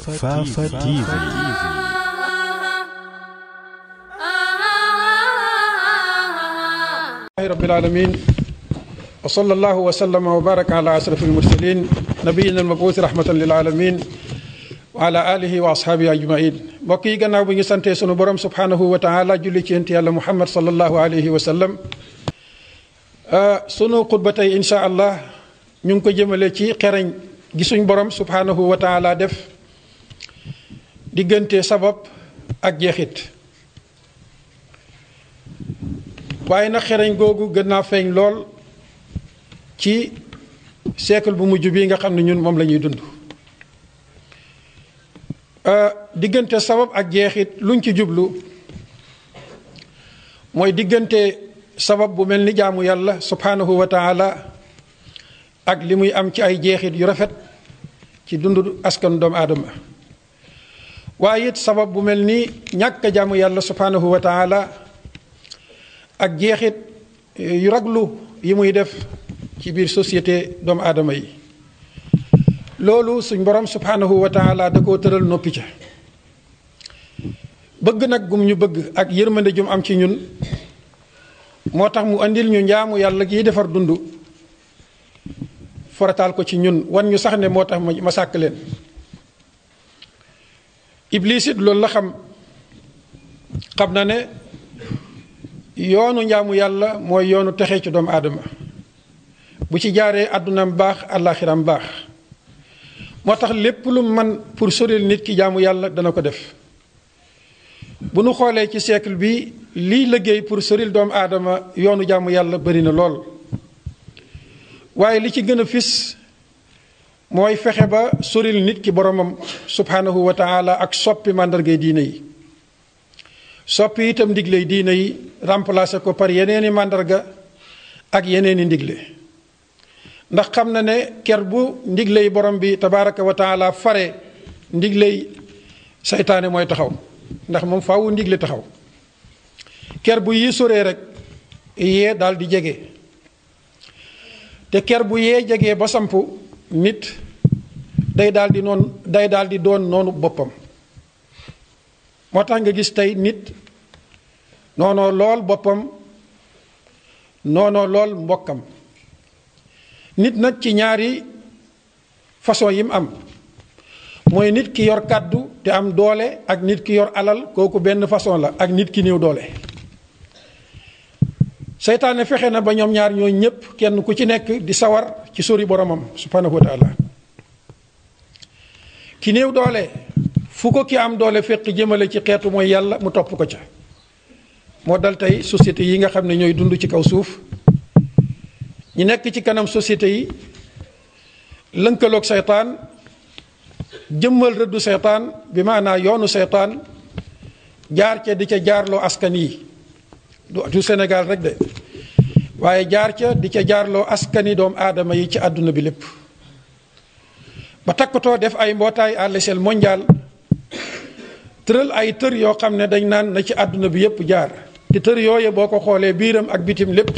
Fafa TV. rabbil alamin wa sallallahu wa sallama wa baraka ala asrafil mursalin nabiyina al-mabuuth rahmatan lil alamin wa ala alihi wa ashaabihi ajmain mbokk yi gannaaw bi ñu santee sunu borom subhanahu wa taala julli ci yonent yàlla muhammad sallallahu alayhi wa sallam ah, sunu xutba tey insha allah ñu ngi ko jëmale ci xereñ gi suñ borom subhanahu wa taala def diggante sabab ak jeexit waaye na xereñ googu gën naa feeñ lool ci siècle bu mujj bii nga xam ne ñun moom lañuy dund euh, diggante sabab ak jeexit luñ ci jublu mooy diggante sabab bu mel ni jaamu yàlla subhanahu wa taala ak li muy am ci ay jeexit yu rafet ci dund askan doomu aadama waaye it sabab bu mel ni ñàkk jàmm yàlla subhanahu wa taala ak jeexit eh, yu raglu yi muy def ci biir société doomu aadama yi loolu suñ borom subhanahu wa taala da ko tëral noppi ca bëgg nag gum ñu bëgg ak yërmande jum am ci ñun moo tax mu andil ñu njaamu yàlla gi defar dund forataal ko ci ñun wan ñu sax ne moo tax ma sàkk leen Iblis it loolu la xam xam na ne yoonu njaamu yàlla mooy yoonu texe ci doomu aadama bu ci jaaree àddunaam baax àllaaxiram baax moo tax lépp lu man pour soril nit ki jaamu yàlla dana ko def bu nu xoolee ci siècle bi liy liggéey pour soril doomu aadama yoonu jaamu yàlla bari na lool waaye li ci gën fis mooy fexe ba soril nit ki boromam subhanahu wa taala ak soppi màndargay diine yi soppi itam ndigley diine yi remplacer ko par yeneeni màndarga ak yeneeni ndigle ndax xam na ne ker bu ndigley borom bi tabaraka wa taala fare ndigley seytaane mooy taxaw ndax moom faawu ndigle taxaw ker bu yii soree rek yee daal di jege te ker bu yee jegee ba samp nit day daal di day daal doon noonu boppam moo tax nga gis tey nit noonoo lool boppam noonoo lool mbokkam nit nag ci ñaari façon yi mu am mooy nit ki yor kàddu te am doole ak nit ki yor alal kooku benn façon la ak nit ki néew doole seytaane fexe na ba ñoom ñaar ñoo ñépp kenn ku ci nekk di sawar ci sori boromam subhanahu wa taala ki néew doole fu ko ki am doole féq jëmale ci xeetu mooy yàlla mu topp ko ca moo dal tey société yi nga xam ne ñooy dund ci kaw suuf ñu nekk ci kanam société yi lënkaloog seytaan jëmmal rëddu seytaan bi maanaa yoonu seytaan jaar ca di ca jaarloo askan yi du Sénégal rek de waaye jaar ca di ca jaarloo askani doom aadama yi ci àdduna bi lépp ba takkatoo def ay mbootaay à l'échelle mondiale tëral ay tër yoo xam ne dañ naan na ci àdduna bi yépp jaar te tër yooye boo ko xoolee biiram ak bitim lépp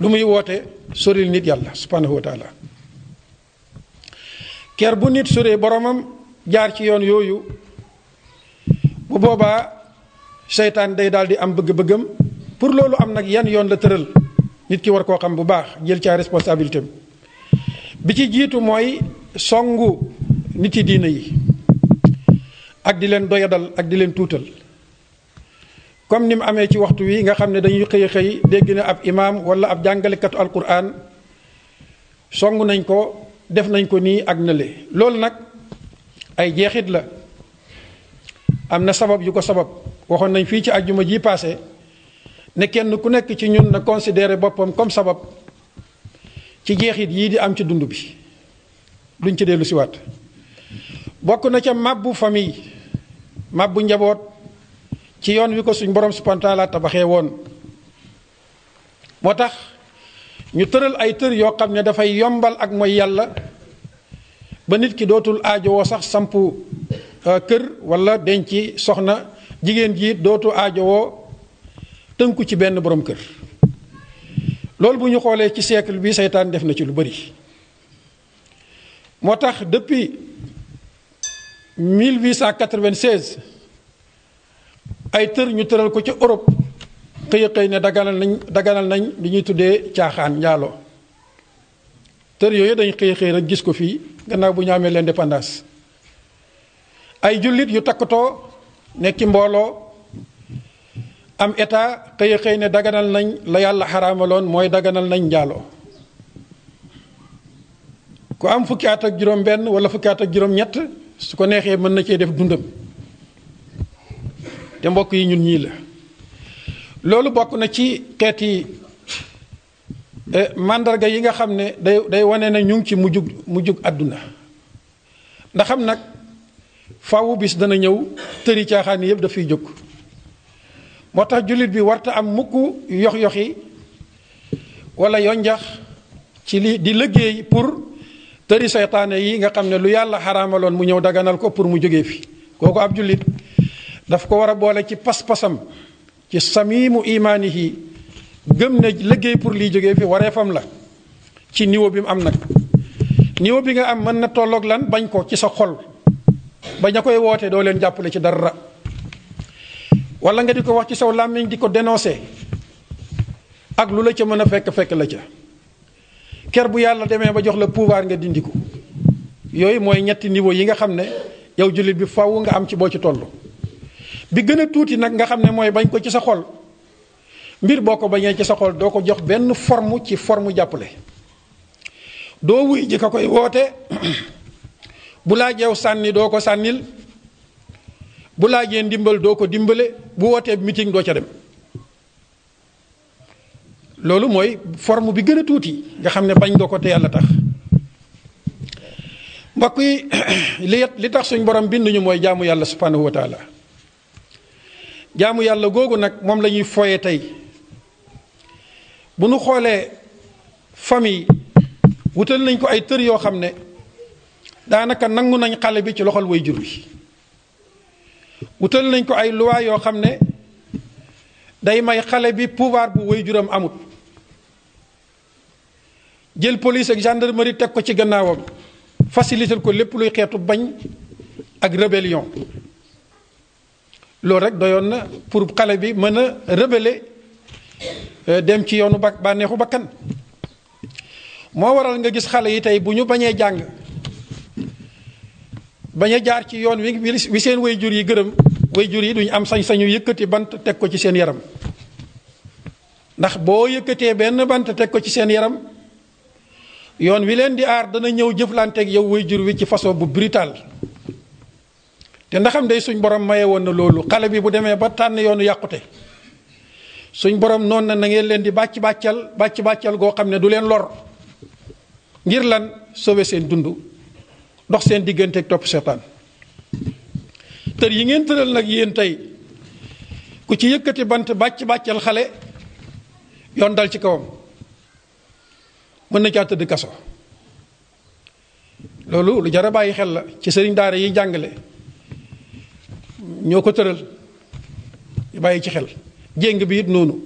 lu muy woote soril nit yàlla subhanahu wa taala ker bu nit soree boromam jaar ci yoon yooyu bu boobaa seytaan day daal di am bëgg-bëggam pour loolu am nag yan yoon la tëral nit ki war koo xam bu baax jël ca responsabilité bi ci jiitu mooy songu nit yi diina yi ak di leen doyadal ak di leen tuutal comme ni mu amee ci waxtu wi nga xam ne dañuy xëy xëy dégg na ab imaam wala ab jàngalekatu alquran songu nañ ko def nañ ko nii ak nële loolu nag ay jeexit la am na sabab yu ko sabab waxoon nañ fii ci àjjuma ji paase ne kenn ku nekk ci ñun na considéré boppam comme sabab ci jeexit yii di am ci dund bi duñ ci dellu siwaat bokk na ca màbbu famille màbbu njaboot ci yoon wi ko suñu borom subhaanahu wa tabaxee woon moo tax ñu tëral ay tër yoo xam ne dafay yombal ak mooy yàlla ba nit ki dootul aajowoo sax samp euh, kër walla denc soxna jigéen ji dootu aajowoo tënku ci benn boroom kër loolu bu ñu xoolee ci siècle bi seytaan def na ci lu bari moo tax depuis 1896 ay tër ñu tëral ko ca Europe xëy xëy ne daganal nañ daganal nañ li ñuy tuddee caaxaan njaaloo tër yooyu dañ xëy xëy rek gis ko fii gannaaw bu ñu amee l'indépendance ay jullit yu takkatoo nekki mbooloo am état xëy xëy ne daganal nañ la yàlla xaramaloon mooy daganal nañ njaaloo ku am fukki at ak juróom-benn wala fukki at ak juróom-ñett su ko neexee mën na cee def dundam te mbokk yi ñun ñii la. loolu bokk na ci yi eh, màndarga yi nga xam ne day day wane ne ñu ngi ci mujjug mujjug àdduna ndaxam nag faawu bis dana ñëw tëri caaxaan yëpp dafay jóg. moo tax jullit bi warta am mukk yox-yoxi wala yonjax ci li di liggéey pour tëri seytaane yi nga xam ne lu yàlla xaraamaloon mu ñëw daganal ko pour mu jógee fi kooku ab jullit daf ko war a boole ci pas-pasam ci samimu imaanihi gëm ne liggéey pour liy jóge fi wareefam la ci niveau bi mu am nag niveau bi nga am mën na tollook lan bañ ko ci sa xol bañ a koy wootee doo leen jàppale ci dara wala nga di ko wax ci saw làmmiñ di ko dénoncé ak lu la ca mën a fekk fekk la ca ker bu yàlla demee ba jox la pouvoir nga dindi ko yooyu mooy ñetti niveau yi nga xam ne yow jullit bi faw nga am ci boo ci tollu bi gën tuuti nag nga xam ne mooy bañ ko ci sa xol mbir boo ko bañee ci sa xol doo ko jox benn forme ci forme jàppale doo wuy ji ka koy woote bu laaj yow sànni doo ko sànnil. bu laajee ndimbal doo ko dimbale bu wootee meeting doo ca dem loolu mooy forme bi gën a tuuti nga xam ne bañ nga ko te yàlla tax mbokk yi li li tax suñ borom binduñu mooy jaamu yàlla subhanahu wa taala jaamu yàlla googu nag moom la ñuy foye tey bu nu xoolee famille wutal nañ ko ay tër yoo xam ne daanaka nangu nañ xale bi ci loxol way jur wi wutal nañ ko ay loi yoo xam ne day may xale bi pouvoir bu waajuram amut jël police ak gendarmerie teg ko ci gannaawam facilital ko lépp luy xeetu bañ ak rébellion loolu rek dayoon na pour xale bi mën a rebeller euh, dem ci yoonu ba bànneexu bakkan moo waral nga gis xale yi tey bu ñu bañee jàng bañ a jaar ci yoon wi wi seen way jur yi gërëm way jur yi duñ am sañ-sañu yëkkati bant teg ko ci seen yaram ndax boo yëkkatee benn bant teg ko ci seen yaram yoon wi leen di aar dana ñëw jëflanteeg yow way jur wi ci façon bu brutal te ndaxam day suñ borom maye woon na loolu xale bi bu demee ba tànn yoonu yàqute suñ borom noonu na na ngeen leen di bàcc bàccal bàcc bàccal goo xam ne du leen lor ngir lan soowe seen dund ndox seen digganteeg topp seetaan tër yi ngeen tëral nag yéen tey ku ci yëkkati bant bàcc bàccal xale yoon dal ci kawam mën na caa tëdd kaso loolu lu jar a bàyyi xel la ci sëriñ daara yi jàngale ñoo ko tëral bàyyi ci xel jéng bi it noonu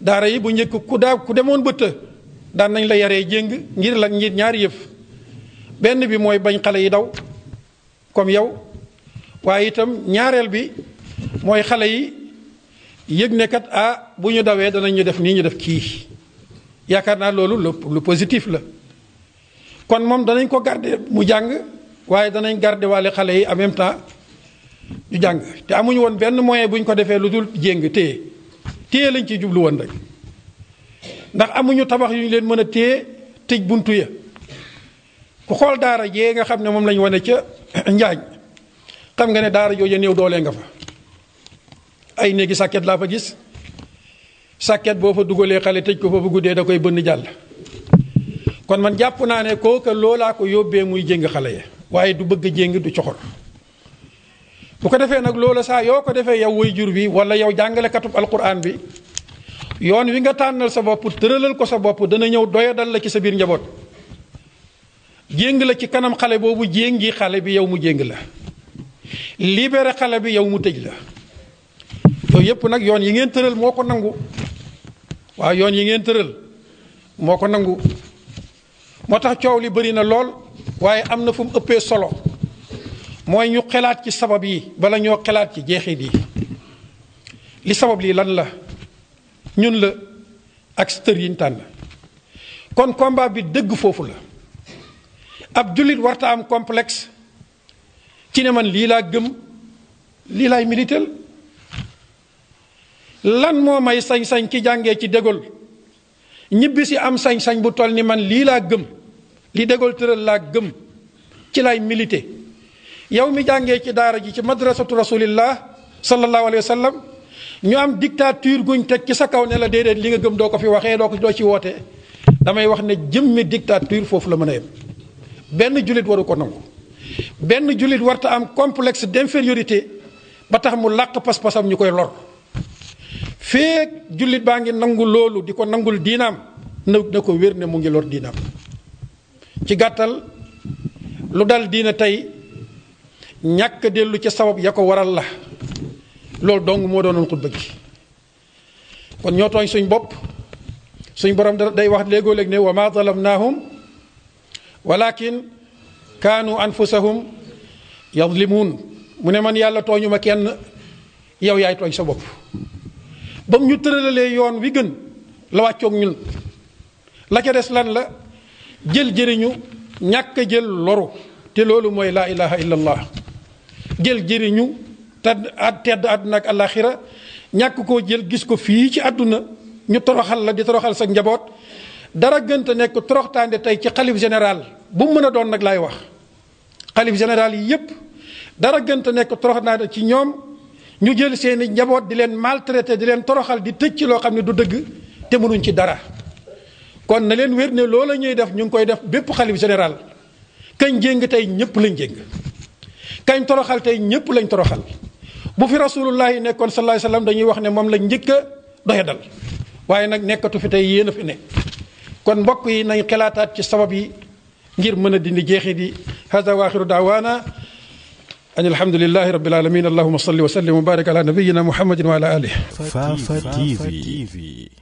daara yi bu njëkk ku daa ku demoon bëtt daan nañ la yaree jéng ngir la ngir ñaari yëf benn bi mooy bañ xale yi daw comme yow waaye itam ñaareel bi mooy xale yi yëg nekkat ah bu ñu dawee danañ ñu def nii ñu def kii yaakaar naa loolu lu positif la kon moom danañ ko garder mu jàng waaye danañ garder waale xale yi en même temps ñu jàng te amuñu woon benn moyen buñ ko defee lu dul jéng téye téye lañ ciy jublu woon rek ndax amuñu tabax yu ñu leen mën a téye tëj buntu ya xool daara jee nga xam ne moom lañu wane ca njaañ xam nga ne daara jooja néew doole nga fa ay néegi sàkket laa fa gis sàkket boo fa dugalee xale tëj ko fa bu dee da koy bënn jàll kon man jàpp naa ne kooka loolaa ko yóbbee muy jéng xale ya waaye du bëgg a jéng du coxor bu ko defee nag loola saa yoo ko defee yow way jur bi wala yow jàngalekatub alquran bi yoon wi nga tànnal sa bopp tëralal ko sa bopp dana ñëw doya dal la ci sa biir njaboot jéng la ci kanam xale boobu jéngi xale bi yow mu jéng la libéré xale bi yow mu tëj la yooyu yëpp nag yoon yi ngeen tëral moo ko nangu waaw yoon yi ngeen tëral moo ko nangu moo tax coow li bari na lool waaye am na fu mu ëppee solo mooy ñu xelaat ci sabab yi bala ñoo xelaat ci jeexit yi li sabab lii lan la ñun la ak stër yiñ tànn kon combat bi dëgg foofu la ab jullit warta am complexe ci ne man lii laa gëm lii laay militeel lan moo may sañ-sañ ki jàngee ci dégol ñibbi si am sañ-sañ bu toll ni man lii laa gëm li dégol tëral laa gëm ci laay milité yow mi jàngee ci daara ji ci madrasatu rasulillah sallallahu alayhi wa sallam ñu am dictature guñ teg ci sa kaw ne la déedéet li nga gëm doo ko fi waxee doo ko doo ci wootee damay wax ne jëmmi dictature foofu la mën a yem benn jullit waru ko nangu benn jullit warta am complexe d'infériorité ba tax mu làq pas-pasam ñu koy lor feek jullit baa ngi nangu loolu di ko nangul diinaam na na ko wér ne mu ngi lor diinaam ci gàttal lu dal diina tey ñàkk dellu ca sabab ya ko waral la loolu dong moo doonoon xutba gi kon ñoo tooñ suñ bopp suñ borom day wax léegoo léeg ne wa ma zalamnahum walakin kaanu anfusahum yadlimuun mu ne man yàlla tooñu ma kenn yow yaay tooñ sa bopp ba mu ñu tëralee yoon wi gën la wàccoog ñun la ca des lan la jël jëriñu ñàkk jël loru te loolu mooy laa ilaha illa jël jëriñu tedd ad tedd àdduna ak àllaaxira ñàkk koo jël gis ko fii ci àdduna ñu toroxal la di toroxal sa njaboot dara gënt a nekk toroxtaande tey ci xalif général bu mu mën a doon nag laay wax xalif général yi yépp dara gënt a nekk toroxtaande ci ñoom ñu jël seeni njaboot di leen maltraité di leen toroxal di tëj ci loo xam ne du dëgg te mënuñ ci dara kon na leen wér ne loola ñuy def ñu ngi koy def bépp xalif général kañ jéng tey ñépp lañ jéng kañ toroxal tey ñépp lañ toroxal bu fi rasulullahi nekkoon sallallahu alayhi wasallam dañuy wax ne moom lañ njëkk a doxe dal waaye nag nekkatu fi tey yéen a fi ne kon mbokk yi nañ xalaataat ci sabab yi ngir mën a dindi jeexit yi hada waaxiru daawaana an alhamdulilahi rabbil alamin allahuma salli wa sallim wa barik ala nabiyina muhammadin wa ala alihi Fafa TV